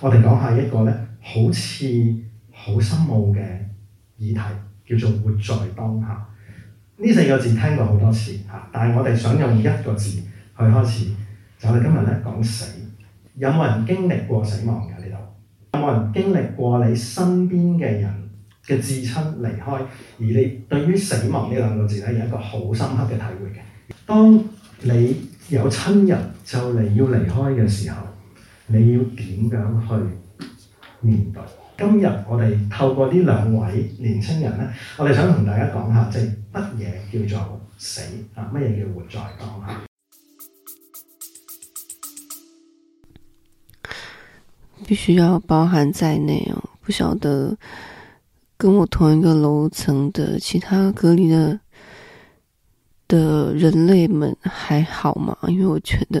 我哋講下一個呢，好似好深奧嘅議題，叫做活在當下。呢四個字聽過好多次，但係我哋想用一個字去開始。就我哋今日呢講死，有冇人經歷過死亡嘅？呢度有冇人經歷過你身邊嘅人嘅至親離開？而你對於死亡呢兩個字呢，有一個好深刻嘅體會嘅。當你有親人就嚟要離開嘅時候，你要點樣去面對？今日我哋透過呢兩位年輕人呢，我哋想同大家講下，即係乜嘢叫做死啊？乜嘢叫活在當下，必須要包含在內啊。不曉得跟我同一個樓層的其他隔離的的人類們還好嗎？因為我覺得。